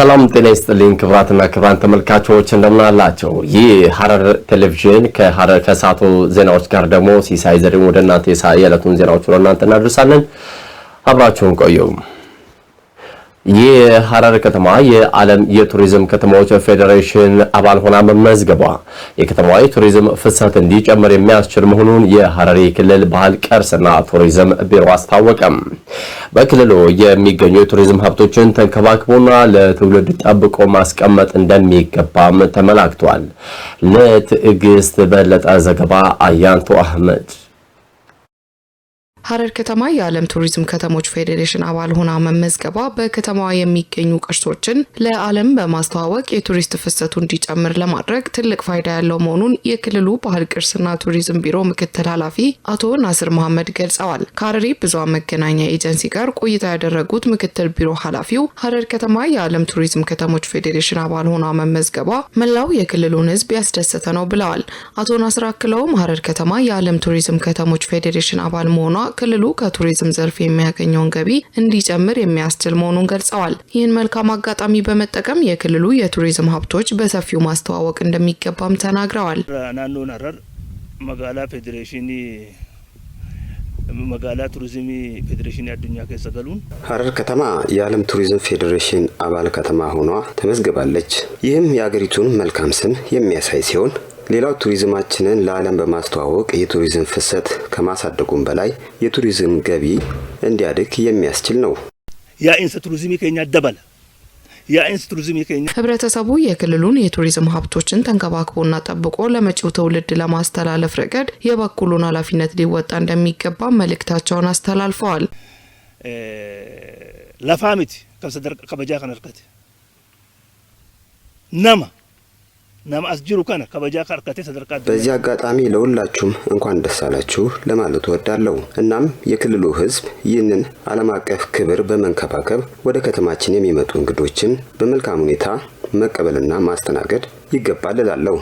ሰላም ጤና ይስጥልኝ ክብራትና ክብራን ተመልካቾች እንደምን አላቸው። ይህ ሀረር ቴሌቪዥን ከሀረር ከሳቶ ዜናዎች ጋር ደግሞ ሲሳይ ዘሪሁን ወደ እናንተ የዕለቱን ዜናዎች ወደ እናንተ እናደርሳለን። አብራችሁን ቆዩ። የሐረር ከተማ የዓለም የቱሪዝም ከተማዎች ፌዴሬሽን አባል ሆና መመዝገቧ የከተማዋ የቱሪዝም ፍሰት እንዲጨምር የሚያስችል መሆኑን የሐረሪ ክልል ባህል ቅርስና ቱሪዝም ቢሮ አስታወቀም። በክልሉ የሚገኙ የቱሪዝም ሀብቶችን ተንከባክቦና ለትውልድ ጠብቆ ማስቀመጥ እንደሚገባም ተመላክቷል። ለትዕግስት በለጠ ዘገባ አያንቶ አህመድ ሀረር ከተማ የዓለም ቱሪዝም ከተሞች ፌዴሬሽን አባል ሆና መመዝገባ በከተማዋ የሚገኙ ቅርሶችን ለዓለም በማስተዋወቅ የቱሪስት ፍሰቱ እንዲጨምር ለማድረግ ትልቅ ፋይዳ ያለው መሆኑን የክልሉ ባህል ቅርስና ቱሪዝም ቢሮ ምክትል ኃላፊ አቶ ናስር መሐመድ ገልጸዋል። ከሀረሪ ብዙሃን መገናኛ ኤጀንሲ ጋር ቆይታ ያደረጉት ምክትል ቢሮ ኃላፊው ሀረር ከተማ የዓለም ቱሪዝም ከተሞች ፌዴሬሽን አባል ሆኗ መመዝገቧ መላው የክልሉን ሕዝብ ያስደሰተ ነው ብለዋል። አቶ ናስር አክለውም ሀረር ከተማ የዓለም ቱሪዝም ከተሞች ፌዴሬሽን አባል መሆኗ ክልሉ ከቱሪዝም ዘርፍ የሚያገኘውን ገቢ እንዲጨምር የሚያስችል መሆኑን ገልጸዋል። ይህን መልካም አጋጣሚ በመጠቀም የክልሉ የቱሪዝም ሀብቶች በሰፊው ማስተዋወቅ እንደሚገባም ተናግረዋል። መጋላ ፌዴሬሽን መጋላ ቱሪዝም ፌዴሬሽን አዱኛ ከሰገሉን ሀረር ከተማ የዓለም ቱሪዝም ፌዴሬሽን አባል ከተማ ሆኗ ተመዝግባለች። ይህም የአገሪቱን መልካም ስም የሚያሳይ ሲሆን ሌላው ቱሪዝማችንን ለዓለም በማስተዋወቅ የቱሪዝም ፍሰት ከማሳደጉም በላይ የቱሪዝም ገቢ እንዲያድግ የሚያስችል ነው። የአይንስ ቱሪዝም ከኛ ደበል ቱሪዝም ህብረተሰቡ የክልሉን የቱሪዝም ሀብቶችን ተንከባክቦና ጠብቆ ለመጪው ትውልድ ለማስተላለፍ ረገድ የበኩሉን ኃላፊነት ሊወጣ እንደሚገባ መልእክታቸውን አስተላልፈዋል። ለፋሚት ከበጃ ከነርከት ነማ ናማአስጅሩ ከነ ከበጃ ከርከቴ ተደርቃ በዚህ አጋጣሚ ለሁላችሁም እንኳን ደስ አላችሁ ለማለት ወዳለሁ። እናም የክልሉ ህዝብ ይህንን ዓለም አቀፍ ክብር በመንከባከብ ወደ ከተማችን የሚመጡ እንግዶችን በመልካም ሁኔታ መቀበልና ማስተናገድ ይገባል እላለሁ።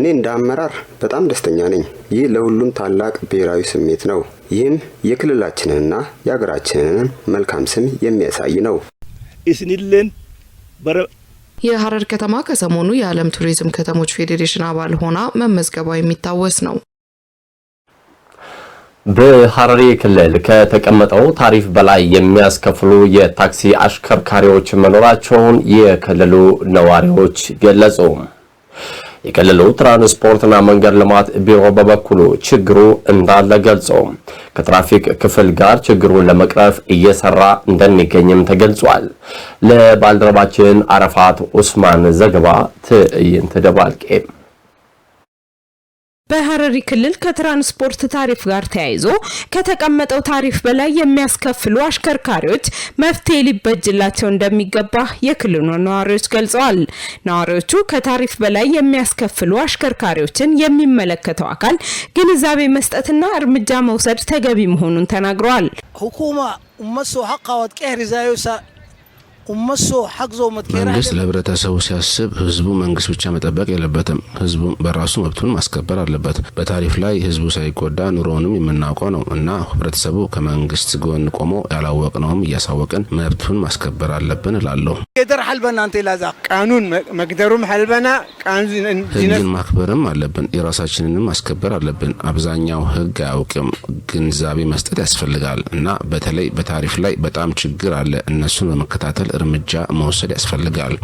እኔ እንደ አመራር በጣም ደስተኛ ነኝ። ይህ ለሁሉም ታላቅ ብሔራዊ ስሜት ነው። ይህም የክልላችንንና የሀገራችንን መልካም ስም የሚያሳይ ነው። ኢስኒሌን የሐረር ከተማ ከሰሞኑ የዓለም ቱሪዝም ከተሞች ፌዴሬሽን አባል ሆና መመዝገቧ የሚታወስ ነው። በሐረሪ ክልል ከተቀመጠው ታሪፍ በላይ የሚያስከፍሉ የታክሲ አሽከርካሪዎች መኖራቸውን የክልሉ ነዋሪዎች ገለጹ። የክልሉ ትራንስፖርትና መንገድ ልማት ቢሮ በበኩሉ ችግሩ እንዳለ ገልጾ ከትራፊክ ክፍል ጋር ችግሩን ለመቅረፍ እየሰራ እንደሚገኝም ተገልጿል። ለባልደረባችን አረፋት ኡስማን ዘገባ ትዕይንት ደባልቄ በሐረሪ ክልል ከትራንስፖርት ታሪፍ ጋር ተያይዞ ከተቀመጠው ታሪፍ በላይ የሚያስከፍሉ አሽከርካሪዎች መፍትሄ ሊበጅላቸው እንደሚገባ የክልሉ ነዋሪዎች ገልጸዋል። ነዋሪዎቹ ከታሪፍ በላይ የሚያስከፍሉ አሽከርካሪዎችን የሚመለከተው አካል ግንዛቤ መስጠትና እርምጃ መውሰድ ተገቢ መሆኑን ተናግረዋል። መንግስት ለህብረተሰቡ ሲያስብ ህዝቡ መንግስት ብቻ መጠበቅ የለበትም። ህዝቡ በራሱ መብቱን ማስከበር አለበት። በታሪፍ ላይ ህዝቡ ሳይጎዳ ኑሮውንም የምናውቀው ነው እና ህብረተሰቡ ከመንግስት ጎን ቆሞ ያላወቅነውም እያሳወቅን መብቱን ማስከበር አለብን እላለሁ። ገደር ሀልበና አንተ ላዛ ቃኑን መግደሩም ሀልበና ህግን ማክበርም አለብን። የራሳችንንም ማስከበር አለብን። አብዛኛው ህግ አያውቅም። ግንዛቤ መስጠት ያስፈልጋል እና በተለይ በታሪፍ ላይ በጣም ችግር አለ። እነሱን በመከታተል እርምጃ መውሰድ ያስፈልጋል።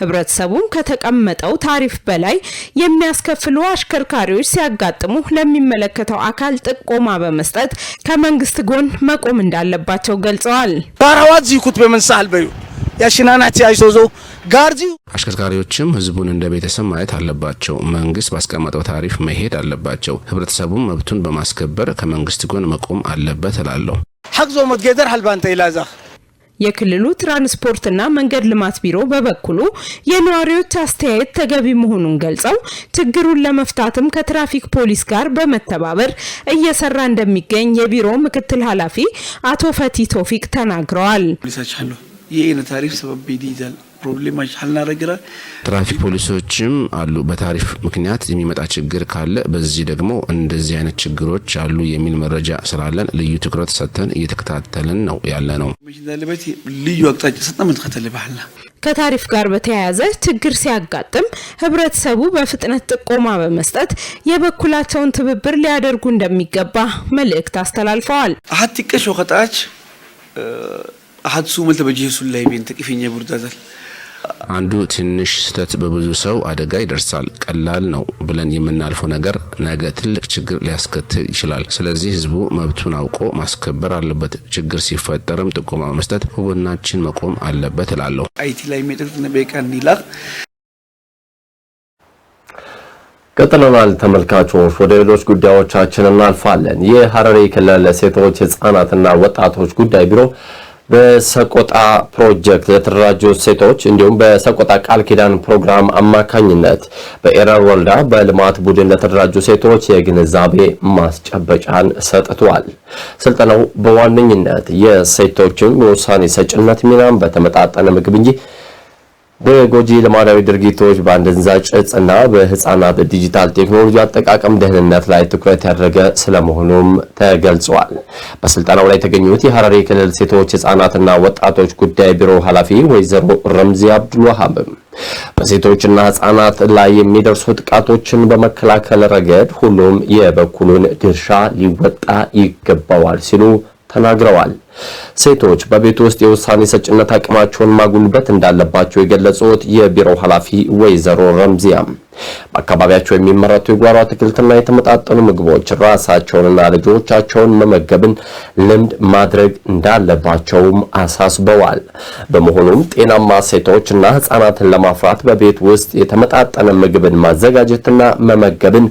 ህብረተሰቡም ከተቀመጠው ታሪፍ በላይ የሚያስከፍሉ አሽከርካሪዎች ሲያጋጥሙ ለሚመለከተው አካል ጥቆማ በመስጠት ከመንግስት ጎን መቆም እንዳለባቸው ገልጸዋል። ባራዋት ዚኩት በመንሳል በዩ ያሽናናት ያይሶዞ ጋርዚ አሽከርካሪዎችም ህዝቡን እንደ ቤተሰብ ማየት አለባቸው። መንግስት ባስቀመጠው ታሪፍ መሄድ አለባቸው። ህብረተሰቡም መብቱን በማስከበር ከመንግስት ጎን መቆም አለበት እላለሁ። ሐቅ ዞ መትገደር ሀልባንተ ይላዛ የክልሉ ትራንስፖርትና መንገድ ልማት ቢሮ በበኩሉ የነዋሪዎች አስተያየት ተገቢ መሆኑን ገልጸው ችግሩን ለመፍታትም ከትራፊክ ፖሊስ ጋር በመተባበር እየሰራ እንደሚገኝ የቢሮ ምክትል ኃላፊ አቶ ፈቲ ቶፊቅ ተናግረዋል። ትራፊክ ፖሊሶችም አሉ። በታሪፍ ምክንያት የሚመጣ ችግር ካለ በዚህ ደግሞ እንደዚህ አይነት ችግሮች አሉ የሚል መረጃ ስላለን ልዩ ትኩረት ሰጥተን እየተከታተልን ነው ያለ ነው። ልዩ አቅጣጫ ሰጠ ምንትከተል ባህልና ከታሪፍ ጋር በተያያዘ ችግር ሲያጋጥም ህብረተሰቡ በፍጥነት ጥቆማ በመስጠት የበኩላቸውን ትብብር ሊያደርጉ እንደሚገባ መልእክት አስተላልፈዋል። አሀት ጥቀሽ ወቀጣች አሀት ሱመልተ በጅሱን ላይ ቤን ተቂፈኛ አንዱ ትንሽ ስህተት በብዙ ሰው አደጋ ይደርሳል። ቀላል ነው ብለን የምናልፈው ነገር ነገ ትልቅ ችግር ሊያስከትል ይችላል። ስለዚህ ህዝቡ መብቱን አውቆ ማስከበር አለበት። ችግር ሲፈጠርም ጥቆማ መስጠት ከጎናችን መቆም አለበት እላለሁ። አይቲ ላይ ቀጥለናል ተመልካቾች፣ ወደ ሌሎች ጉዳዮቻችን እናልፋለን። የሐረሪ ክልል ሴቶች ህጻናትና ወጣቶች ጉዳይ ቢሮ በሰቆጣ ፕሮጀክት ለተደራጁ ሴቶች እንዲሁም በሰቆጣ ቃል ኪዳን ፕሮግራም አማካኝነት በኤረር ወልዳ በልማት ቡድን ለተደራጁ ሴቶች የግንዛቤ ማስጨበጫን ሰጥቷል። ስልጠናው በዋነኝነት የሴቶችን የውሳኔ ሰጭነት ሚናም በተመጣጠነ ምግብ እንጂ በጎጂ ልማዳዊ ድርጊቶች በአደንዛ ጭጽ እና በህፃናት ዲጂታል ቴክኖሎጂ አጠቃቀም ደህንነት ላይ ትኩረት ያደረገ ስለመሆኑም ተገልጿል። በስልጠናው ላይ የተገኙት የሐረሪ ክልል ሴቶች ህፃናትና ወጣቶች ጉዳይ ቢሮ ኃላፊ ወይዘሮ ረምዚ አብዱልዋሃብ በሴቶችና ህፃናት ላይ የሚደርሱ ጥቃቶችን በመከላከል ረገድ ሁሉም የበኩሉን ድርሻ ሊወጣ ይገባዋል ሲሉ ተናግረዋል። ሴቶች በቤት ውስጥ የውሳኔ ሰጭነት አቅማቸውን ማጉልበት እንዳለባቸው የገለጹት የቢሮው ኃላፊ ወይዘሮ ረምዚያም በአካባቢያቸው የሚመረቱ የጓሮ አትክልትና የተመጣጠኑ ምግቦች ራሳቸውንና ልጆቻቸውን መመገብን ልምድ ማድረግ እንዳለባቸውም አሳስበዋል። በመሆኑም ጤናማ ሴቶችና ህጻናትን ለማፍራት በቤት ውስጥ የተመጣጠነ ምግብን ማዘጋጀትና መመገብን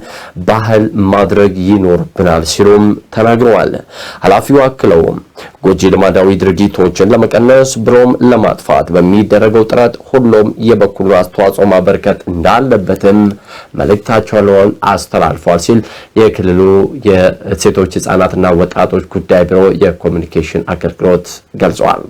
ባህል ማድረግ ይኖርብናል ሲሉም ተናግረዋል። ኃላፊው አክለውም ጎጂ ልማዳዊ ድርጊቶችን ለመቀነስ ብሎም ለማጥፋት በሚደረገው ጥረት ሁሉም የበኩሉ አስተዋጽኦ ማበርከት እንዳለበትም መልእክታቸውን አስተላልፏል ሲል የክልሉ የሴቶች ህጻናትና ወጣቶች ጉዳይ ቢሮ የኮሚኒኬሽን አገልግሎት ገልጿል።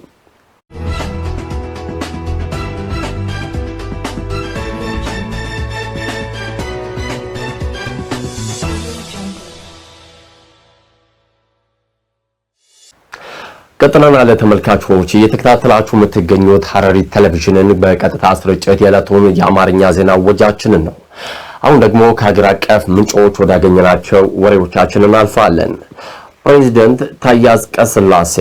ቀጥለናል ተመልካቾች እየተከታተላችሁ የምትገኙት ሐረሪ ቴሌቪዥንን በቀጥታ ስርጭት የዕለቱን የአማርኛ ዜና ወጃችንን ነው። አሁን ደግሞ ከሀገር አቀፍ ምንጮች ወዳገኘናቸው ወሬዎቻችን እናልፋለን። ፕሬዚደንት ታዬ አጽቀሥላሴ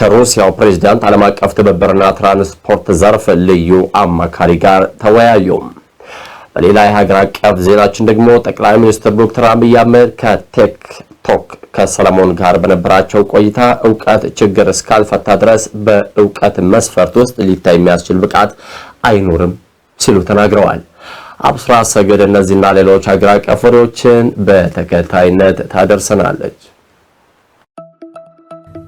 ከሩሲያው ፕሬዚዳንት ዓለም አቀፍ ትብብርና ትራንስፖርት ዘርፍ ልዩ አማካሪ ጋር ተወያዩ። በሌላ የሀገር አቀፍ ዜናችን ደግሞ ጠቅላይ ሚኒስትር ዶክተር አብይ አህመድ ከቲክቶክ ከሰለሞን ጋር በነበራቸው ቆይታ እውቀት ችግር እስካልፈታ ድረስ በእውቀት መስፈርት ውስጥ ሊታይ የሚያስችል ብቃት አይኖርም ሲሉ ተናግረዋል። አብስራ ሰገድ እነዚህና ሌሎች ሀገር አቀፍ ወሬዎችን በተከታይነት ታደርሰናለች።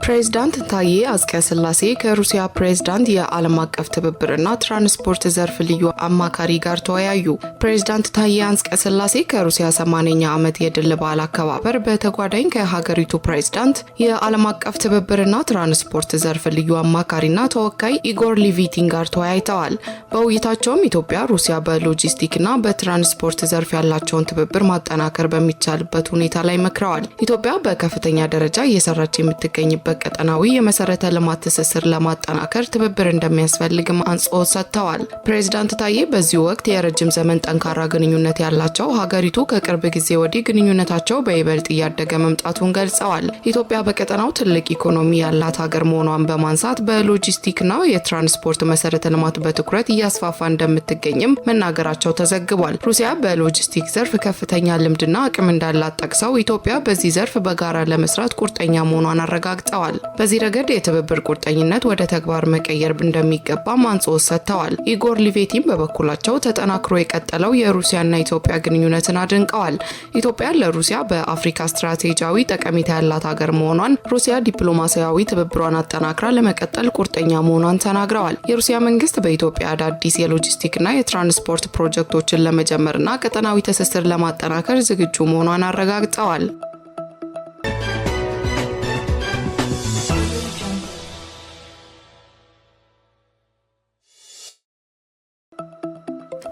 ፕሬዝዳንት ታዬ አጽቀ ስላሴ ከሩሲያ ፕሬዝዳንት የዓለም አቀፍ ትብብርና ትራንስፖርት ዘርፍ ልዩ አማካሪ ጋር ተወያዩ። ፕሬዝዳንት ታዬ አጽቀ ስላሴ ከሩሲያ 80ኛ ዓመት የድል በዓል አከባበር በተጓዳኝ ከሀገሪቱ ፕሬዝዳንት የዓለም አቀፍ ትብብርና ትራንስፖርት ዘርፍ ልዩ አማካሪና ተወካይ ኢጎር ሊቪቲን ጋር ተወያይተዋል። በውይይታቸውም ኢትዮጵያ ሩሲያ በሎጂስቲክና በትራንስፖርት ዘርፍ ያላቸውን ትብብር ማጠናከር በሚቻልበት ሁኔታ ላይ መክረዋል። ኢትዮጵያ በከፍተኛ ደረጃ እየሰራች የምትገኝበት ቀጠናዊ የመሰረተ ልማት ትስስር ለማጠናከር ትብብር እንደሚያስፈልግም አጽንኦት ሰጥተዋል። ፕሬዚዳንት ታዬ በዚህ ወቅት የረጅም ዘመን ጠንካራ ግንኙነት ያላቸው ሀገሪቱ ከቅርብ ጊዜ ወዲህ ግንኙነታቸው በይበልጥ እያደገ መምጣቱን ገልጸዋል። ኢትዮጵያ በቀጠናው ትልቅ ኢኮኖሚ ያላት ሀገር መሆኗን በማንሳት በሎጂስቲክና የትራንስፖርት መሰረተ ልማት በትኩረት እያስፋፋ እንደምትገኝም መናገራቸው ተዘግቧል። ሩሲያ በሎጂስቲክ ዘርፍ ከፍተኛ ልምድና አቅም እንዳላት ጠቅሰው ኢትዮጵያ በዚህ ዘርፍ በጋራ ለመስራት ቁርጠኛ መሆኗን አረጋግጠዋል። አስገንዝበዋል። በዚህ ረገድ የትብብር ቁርጠኝነት ወደ ተግባር መቀየር እንደሚገባም አጽንኦት ሰጥተዋል። ኢጎር ሊቬቲም በበኩላቸው ተጠናክሮ የቀጠለው የሩሲያና ኢትዮጵያ ግንኙነትን አድንቀዋል። ኢትዮጵያ ለሩሲያ በአፍሪካ ስትራቴጂያዊ ጠቀሜታ ያላት ሀገር መሆኗን ሩሲያ ዲፕሎማሲያዊ ትብብሯን አጠናክራ ለመቀጠል ቁርጠኛ መሆኗን ተናግረዋል። የሩሲያ መንግስት በኢትዮጵያ አዳዲስ የሎጂስቲክና የትራንስፖርት ፕሮጀክቶችን ለመጀመርና ቀጠናዊ ትስስር ለማጠናከር ዝግጁ መሆኗን አረጋግጠዋል።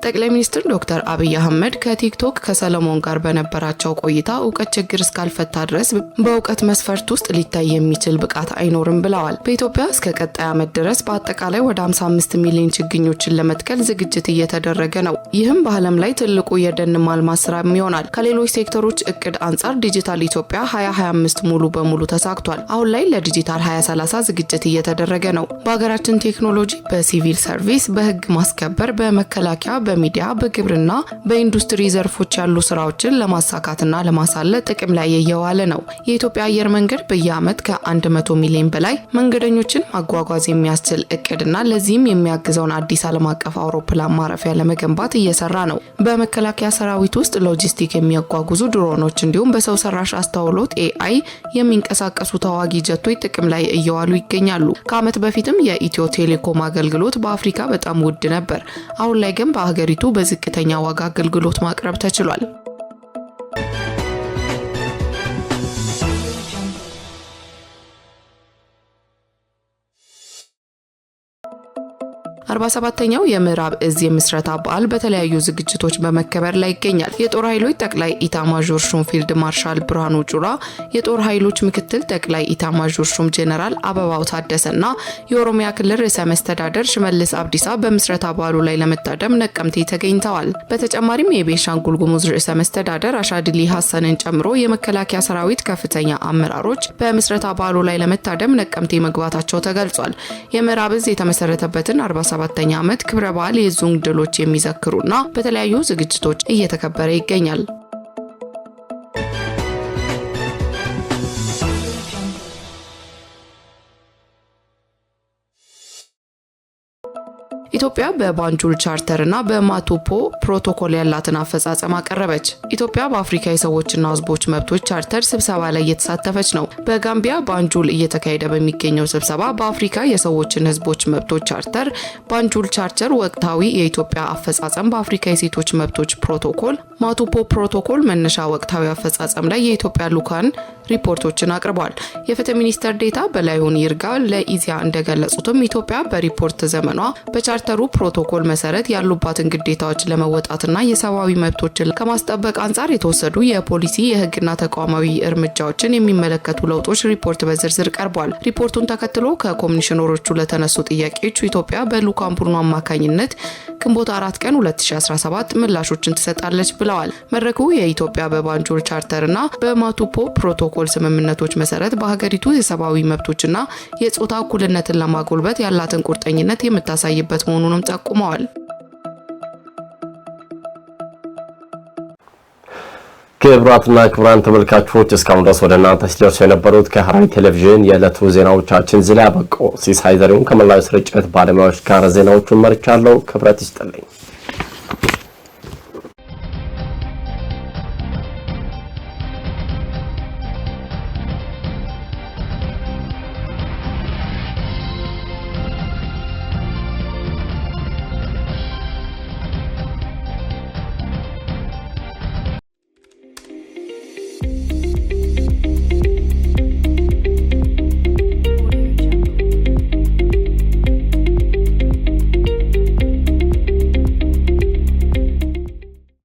ጠቅላይ ሚኒስትር ዶክተር አብይ አህመድ ከቲክቶክ ከሰለሞን ጋር በነበራቸው ቆይታ እውቀት ችግር እስካልፈታ ድረስ በእውቀት መስፈርት ውስጥ ሊታይ የሚችል ብቃት አይኖርም ብለዋል። በኢትዮጵያ እስከ ቀጣይ ዓመት ድረስ በአጠቃላይ ወደ 55 ሚሊዮን ችግኞችን ለመትከል ዝግጅት እየተደረገ ነው። ይህም በዓለም ላይ ትልቁ የደን ማልማት ስራም ይሆናል። ከሌሎች ሴክተሮች እቅድ አንጻር ዲጂታል ኢትዮጵያ 2025 ሙሉ በሙሉ ተሳክቷል። አሁን ላይ ለዲጂታል 2030 ዝግጅት እየተደረገ ነው። በሀገራችን ቴክኖሎጂ በሲቪል ሰርቪስ፣ በህግ ማስከበር፣ በመከላከያ፣ በሚዲያ በግብርና በኢንዱስትሪ ዘርፎች ያሉ ስራዎችን ለማሳካትና ለማሳለ ጥቅም ላይ እየዋለ ነው። የኢትዮጵያ አየር መንገድ በየአመት ከ100 ሚሊዮን በላይ መንገደኞችን ማጓጓዝ የሚያስችል እቅድና ለዚህም የሚያግዘውን አዲስ ዓለም አቀፍ አውሮፕላን ማረፊያ ለመገንባት እየሰራ ነው። በመከላከያ ሰራዊት ውስጥ ሎጂስቲክ የሚያጓጉዙ ድሮኖች እንዲሁም በሰው ሰራሽ አስተውሎት ኤአይ የሚንቀሳቀሱ ተዋጊ ጀቶች ጥቅም ላይ እየዋሉ ይገኛሉ። ከዓመት በፊትም የኢትዮ ቴሌኮም አገልግሎት በአፍሪካ በጣም ውድ ነበር። አሁን ላይ ግን በሀገር በሀገሪቱ በዝቅተኛ ዋጋ አገልግሎት ማቅረብ ተችሏል። 47ኛው የምዕራብ እዝ የምስረታ በዓል በተለያዩ ዝግጅቶች በመከበር ላይ ይገኛል። የጦር ኃይሎች ጠቅላይ ኢታማዦር ሹም ፊልድ ማርሻል ብርሃኑ ጁላ፣ የጦር ኃይሎች ምክትል ጠቅላይ ኢታማዦር ሹም ጄኔራል አበባው ታደሰና የኦሮሚያ ክልል ርዕሰ መስተዳደር ሽመልስ አብዲሳ በምስረታ በዓሉ ላይ ለመታደም ነቀምቴ ተገኝተዋል። በተጨማሪም የቤንሻንጉል ጉሙዝ ርዕሰ መስተዳደር አሻድሊ ሀሰንን ጨምሮ የመከላከያ ሰራዊት ከፍተኛ አመራሮች በምስረታ በዓሉ ላይ ለመታደም ነቀምቴ መግባታቸው ተገልጿል። የምዕራብ እዝ የተመሰረተበትን ዓመት ክብረ በዓል የዙንግ ድሎች የሚዘክሩና በተለያዩ ዝግጅቶች እየተከበረ ይገኛል። ኢትዮጵያ በባንጁል ቻርተር እና በማቶፖ ፕሮቶኮል ያላትን አፈጻጸም አቀረበች። ኢትዮጵያ በአፍሪካ የሰዎችና ህዝቦች መብቶች ቻርተር ስብሰባ ላይ እየተሳተፈች ነው። በጋምቢያ ባንጁል እየተካሄደ በሚገኘው ስብሰባ በአፍሪካ የሰዎችን ህዝቦች መብቶች ቻርተር ባንጁል ቻርተር ወቅታዊ የኢትዮጵያ አፈጻጸም፣ በአፍሪካ የሴቶች መብቶች ፕሮቶኮል፣ ማቱፖ ፕሮቶኮል መነሻ ወቅታዊ አፈጻጸም ላይ የኢትዮጵያ ልኡካን ሪፖርቶችን አቅርቧል። የፍትህ ሚኒስተር ዴታ በላይሁን ይርጋ ለኢዚያ እንደገለጹትም ኢትዮጵያ በሪፖርት ዘመኗ በቻርተር በቻርተሩ ፕሮቶኮል መሰረት ያሉባትን ግዴታዎች ለመወጣትና የሰብአዊ መብቶችን ከማስጠበቅ አንጻር የተወሰዱ የፖሊሲ የህግና ተቋማዊ እርምጃዎችን የሚመለከቱ ለውጦች ሪፖርት በዝርዝር ቀርቧል። ሪፖርቱን ተከትሎ ከኮሚሽነሮቹ ለተነሱ ጥያቄዎች ኢትዮጵያ በሉካም ቡርኖ አማካኝነት ግንቦት አራት ቀን 2017 ምላሾችን ትሰጣለች ብለዋል። መድረኩ የኢትዮጵያ ቻርተር ቻርተርና በማቱፖ ፕሮቶኮል ስምምነቶች መሰረት በሀገሪቱ የሰብአዊ መብቶችና የጾታ እኩልነትን ለማጎልበት ያላትን ቁርጠኝነት የምታሳይበት መሆኑ መሆኑንም ጠቁመዋል። ክቡራትና ክቡራን ተመልካቾች እስካሁን ድረስ ወደ እናንተ ሲደርሱ የነበሩት ከሐረሪ ቴሌቪዥን የዕለቱ ዜናዎቻችን ዝላ ያበቁ ሲሳይ ዘሪሁን ከመላዊ ስርጭት ባለሙያዎች ጋር ዜናዎቹን መርቻለሁ። ክብረት ይስጥልኝ።